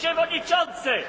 przewodniczący!